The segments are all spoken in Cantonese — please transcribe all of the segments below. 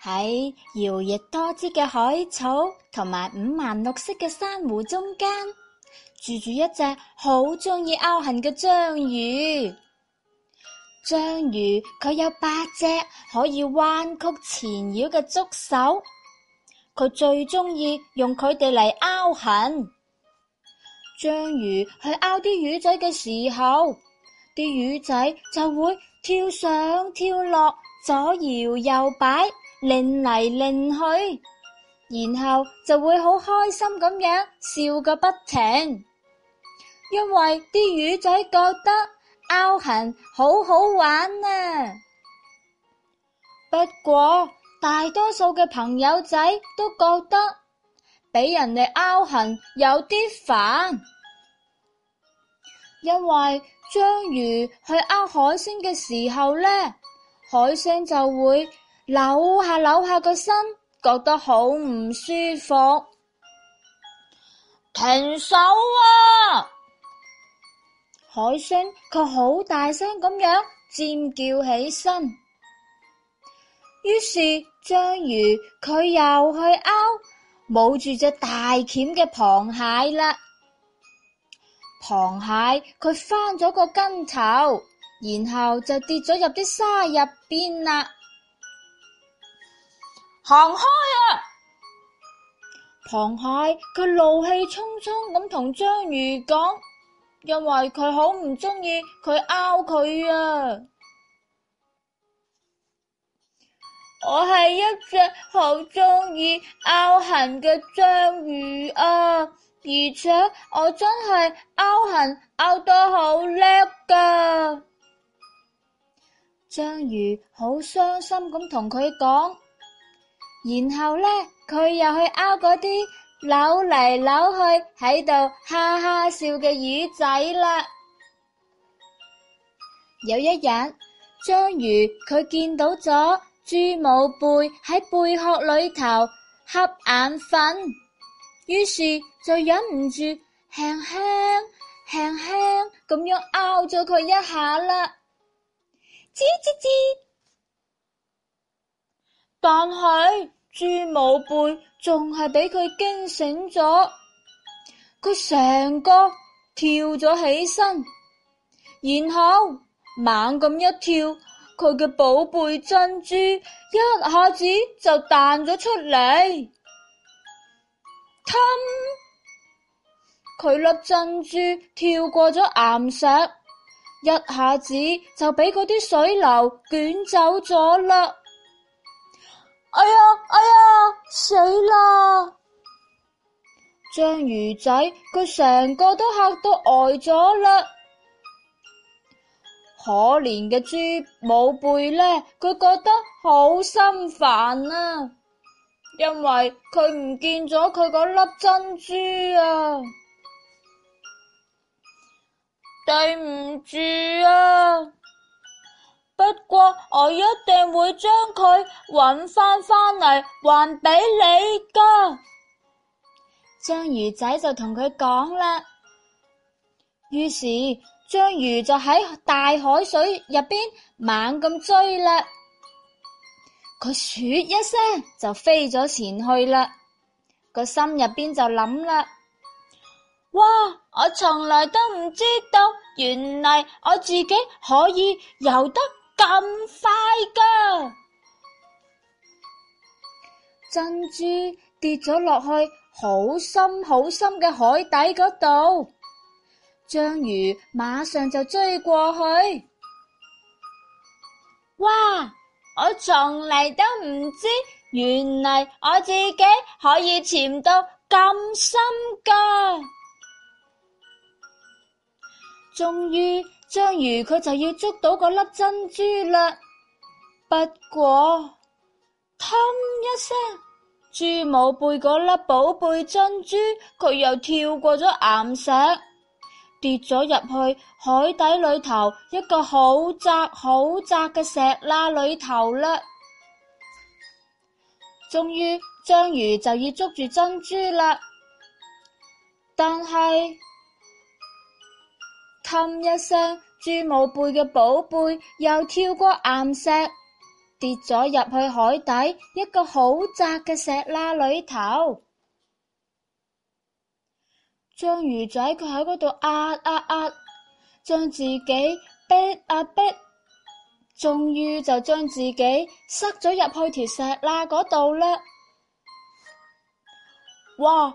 喺搖曳多姿嘅海草同埋五顏六色嘅珊瑚中間，住住一隻好鍾意勾痕嘅章魚。章魚佢有八隻可以彎曲纏繞嘅觸手，佢最鍾意用佢哋嚟勾痕。章魚去勾啲魚仔嘅時候，啲魚仔就會跳上跳落，左搖右擺。擰嚟擰去，然後就會好開心咁樣笑個不停，因為啲魚仔覺得拗痕好好玩啊。不過大多數嘅朋友仔都覺得俾人哋拗痕有啲煩，因為章魚去拗海星嘅時候呢，海星就會。扭下扭下個身，覺得好唔舒服，停手啊！海星佢好大聲咁樣尖叫起身，於是章魚佢又去拗，冇住隻大鉗嘅螃蟹啦。螃蟹佢翻咗個跟頭，然後就跌咗入啲沙入邊啦。行開啊！螃蟹佢怒氣沖沖咁同章魚講，因為佢好唔中意佢拗佢啊！ 我係一隻好中意拗痕嘅章魚啊，而且我真係拗痕拗得好叻噶。 章魚好傷心咁同佢講。然後呢，佢又去拗嗰啲扭嚟扭去，喺度哈哈笑嘅魚仔啦。 有一日，章魚佢見到咗珠母貝喺貝殼裏頭瞌眼瞓，於是就忍唔住輕輕輕輕咁樣拗咗佢一下啦。吱吱吱。但係，珠母貝仲係俾佢驚醒咗，佢成個跳咗起身，然後猛咁一跳，佢嘅寶貝珍珠一下子就彈咗出嚟，氹佢粒珍珠跳過咗岩石，一下子就俾嗰啲水流捲走咗啦。哎呀，哎呀，死啦！章魚仔佢成個都嚇到呆咗啦，可憐嘅珠母貝呢，佢覺得好心煩啊，因為佢唔見咗佢嗰粒珍珠啊，對唔住啊！不過我一定會將佢搵翻翻嚟還俾你噶。章魚仔就同佢講啦。於是章魚就喺大海水入邊猛咁追啦。佢噓一聲就飛咗前去啦。個心入邊就諗啦。哇！我從來都唔知道，原來我自己可以游得。咁快㗎！珍珠跌咗落去好深、好深嘅海底嗰度，章魚馬上就追過去。哇！我從嚟都唔知，原嚟我自己可以潛到咁深㗎，終於。章魚佢就要捉到嗰粒珍珠啦，不過，唞一聲，珠母貝嗰粒寶貝珍珠，佢又跳過咗岩石，跌咗入去海底裏頭一個好窄好窄嘅石罅裏頭啦。終於，章魚就要捉住珍珠啦，但係。冚一聲，豬母貝嘅寶貝又跳過岩石，跌咗入去海底一個好窄嘅石罅裏頭。章魚仔佢喺嗰度壓壓壓，將自己逼啊逼，終於就將自己塞咗入去條石罅嗰度啦。哇！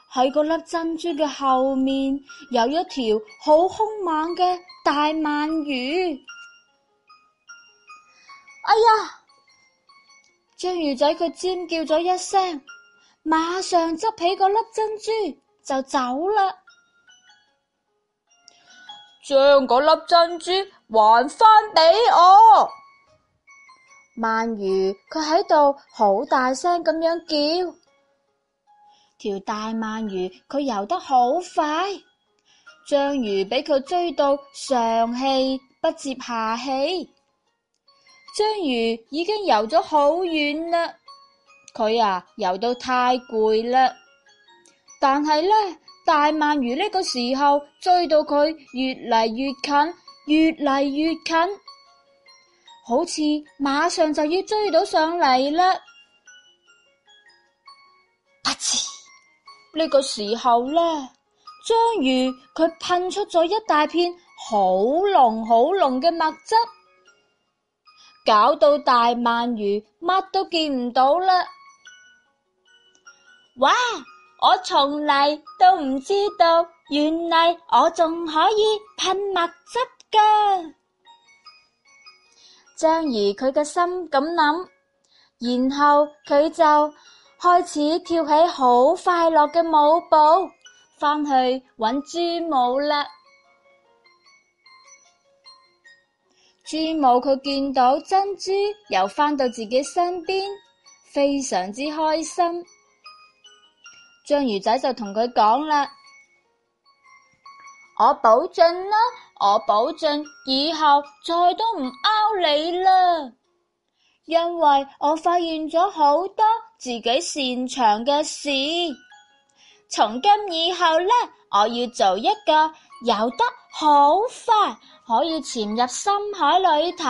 喺個粒珍珠嘅後面，有一條好凶猛嘅大鰻魚。哎呀！章魚仔佢尖叫咗一聲，馬上執起個粒珍珠就走啦。將嗰粒珍珠還翻俾我！鰻魚佢喺度好大聲咁樣叫。條大鰻魚佢游得好快，章魚俾佢追到上氣不接下氣，章魚已經游咗好遠啦，佢啊游到太攰啦。但係呢，大鰻魚呢個時候追到佢越嚟越近，越嚟越近，好似馬上就要追到上嚟啦！啊！呢個時候咧，章魚佢噴出咗一大片好濃好濃嘅墨汁，搞到大鰻魚乜都見唔到啦！哇，我從嚟都唔知道，原來我仲可以噴墨汁噶！章魚佢嘅心咁諗，然後佢就。開始跳起好快樂嘅舞步，翻去搵朱母啦。朱母佢見到珍珠又翻到自己身邊，非常之開心。章魚仔就同佢講啦： 我保證啦，我保證以後再都唔撓你啦，因為我發現咗好多。自己擅長嘅事，從今以後呢，我要做一個游得好快，可以潛入深海裏頭，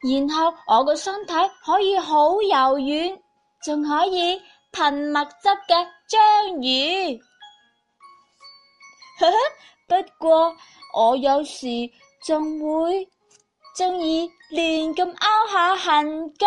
然後我個身體可以好柔軟，仲可以噴墨汁嘅章魚。呵呵，不過我有時仲會鍾意亂咁拗下痕噶。